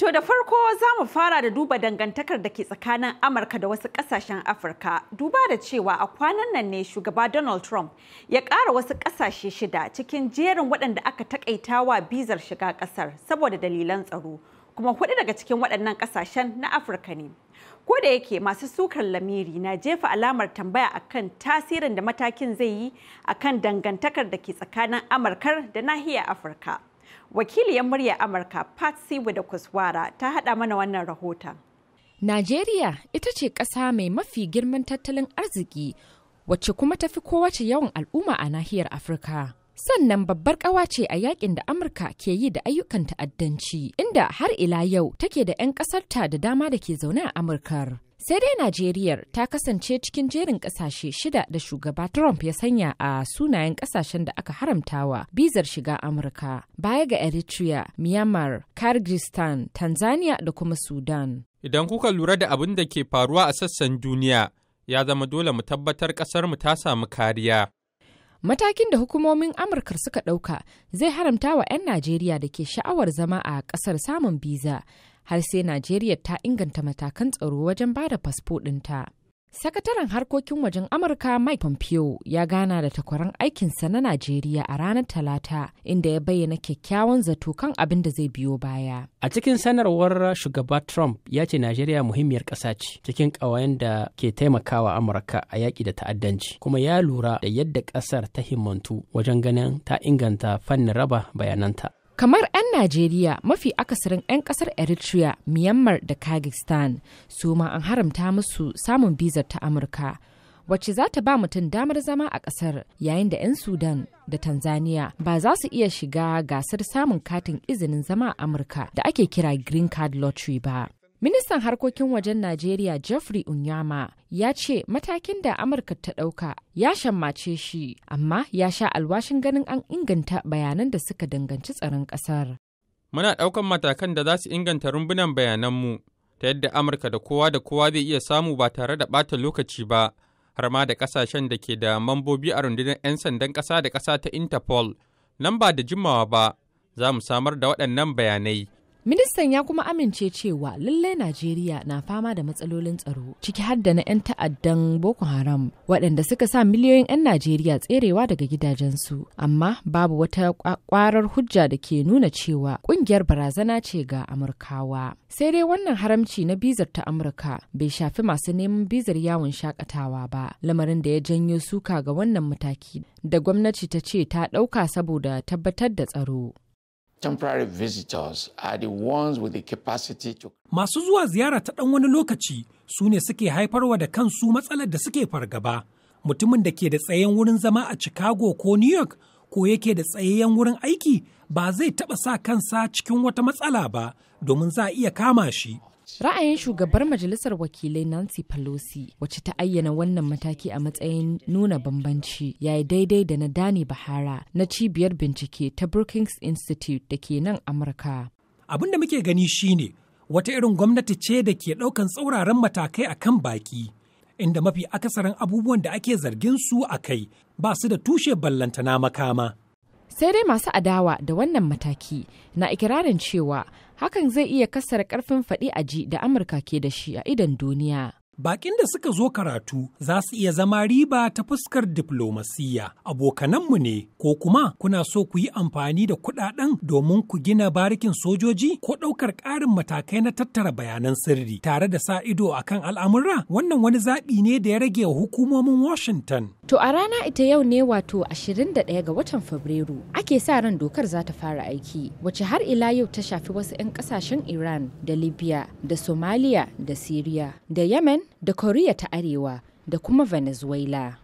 To da farko za mu fara da duba dangantakar da ke tsakanin Amurka da wasu kasashen Afirka, duba da cewa a kwanan nan ne shugaba Donald Trump ya ƙara wasu ƙasashe shida cikin jerin waɗanda aka wa bizar shiga ƙasar saboda dalilan tsaro, kuma huɗu daga cikin waɗannan ƙasashen na Afirka ne. Ko da yake masu sukar lamiri na jefa alamar tambaya akan tasirin da matakin zai yi akan dangantakar da ke tsakanin Amurkar da nahiyar Afirka. Wakiliyar murya Amurka Patsy da Kuswara ta hada mana wannan rahoton. Najeriya ita ce ƙasa mai mafi girman tattalin arziki wacce kuma ta fi kowace yawan al'umma a nahiyar Afirka. sannan babbar kawa ce a yakin da amurka ke yi da ayyukan ta'addanci inda har ila yau take da 'yan ƙasarta da dama da ke zaune a amurkar sai dai Najeriya ta kasance cikin jerin kasashe shida da shugaba Trump ya sanya a sunayen kasashen da aka haramtawa bizar shiga Amurka baya ga Eritrea, Myanmar, Kyrgyzstan, Tanzania da kuma Sudan. Idan kuka lura da abin da ke faruwa a sassan duniya, ya zama dole mu tabbatar mu ta samu kariya. Matakin da hukumomin Amurka suka ɗauka zai haramta wa 'yan Najeriya da ke sha'awar zama a ƙasar samun biza har sai Najeriya ta inganta matakan tsaro wajen bada fasfo ɗinta. Sakataren harkokin wajen Amurka Mike Pompeo ya gana da takwaran aikinsa na Najeriya a ranar Talata inda ya bayyana kyakkyawan zato kan abin da zai biyo baya. A cikin sanarwar shugaba Trump ya ce Najeriya muhimmiyar ƙasa ce cikin ƙawayen da ke taimakawa Amurka a yaƙi da ta'addanci kuma ya lura da yadda ƙasar ta himmantu wajen ganin ta inganta fannin raba bayananta. kamar 'yan najeriya mafi akasarin 'yan kasar eritrea myanmar da kagistan su ma an haramta musu samun bizar ta amurka wacce za ta ba mutum damar zama a kasar yayin da 'yan sudan da tanzania ba za su iya shiga gasar samun katin izinin zama a amurka da ake kira green card lottery ba Ministan harkokin wajen Najeriya Geoffrey Unyama ya ce matakin da Amurka ta ɗauka ya shammace shi, amma ya sha alwashin ganin an inganta bayanan da suka danganci tsaron ƙasar. Muna ɗaukan matakan da za su inganta rumbunan bayananmu ta yadda Amurka da kowa da kowa zai iya samu ba tare da ɓata lokaci ba, har ma da ƙasashen da ke da mambobi a rundunar 'yan sandan ƙasa da ƙasa ta Interpol. Nan ba da jimawa ba, za mu samar da waɗannan bayanai. Ministan ya kuma amince cewa lallai Najeriya na fama da matsalolin tsaro ciki har da na 'yan ta'addan Boko Haram waɗanda suka sa miliyoyin 'yan Najeriya tserewa daga gidajensu amma babu wata kwarar hujja da ke nuna cewa ƙungiyar barazana ce ga Amurkawa. Sai dai wannan haramci na bizar ta Amurka bai shafi masu neman bizar yawon shakatawa ba lamarin da ya janyo suka ga wannan mataki da gwamnati ta ce ta ɗauka saboda tabbatar da tsaro. temporary visitors are the ones with the capacity to Masu zuwa ziyara ta ɗan wani lokaci su ne suke haifarwa da kansu matsalar da suke fargaba. Mutumin da ke da tsayen wurin zama a Chicago ko New York ko yake da tsayayyen wurin aiki ba zai taɓa sa kansa cikin wata matsala ba domin za a iya kama shi. Ra'ayin shugabar Majalisar Wakilai Nancy Pelosi wacce ta ayyana wannan mataki a matsayin nuna bambanci ya yi daidai da na Dani Bahara na cibiyar bincike ta Brookings Institute da ke nan Amurka. Abin da muke gani shine wata irin gwamnati ce da ke ɗaukan tsauraran matakai a kan baki, Inda mafi akasarin abubuwan da ake zargin su a kai ba su da tushe ballantana makama. sai dai masu adawa da wannan mataki na ikirarin cewa hakan zai iya kasar karfin faɗi a ji da amurka ke da shi a idan duniya Bakin da suka zo karatu za su iya zama riba ta fuskar diflomasiyya. Abokananmu ne, ko kuma kuna so ku yi amfani da kuɗaɗen domin ku gina barikin sojoji ko ɗaukar ƙarin matakai na tattara bayanan sirri tare da sa ido akan kan al'amura? Wannan wani zaɓi ne da ya rage wa hukumomin Washington. To a rana ita yau ne wato 21 ga watan Fabrairu ake sa ran dokar za ta fara aiki wacce har ila yau ta shafi wasu 'yan kasashen Iran da Libya da Somalia da Syria da Yemen da Koriya ta Arewa da kuma Venezuela.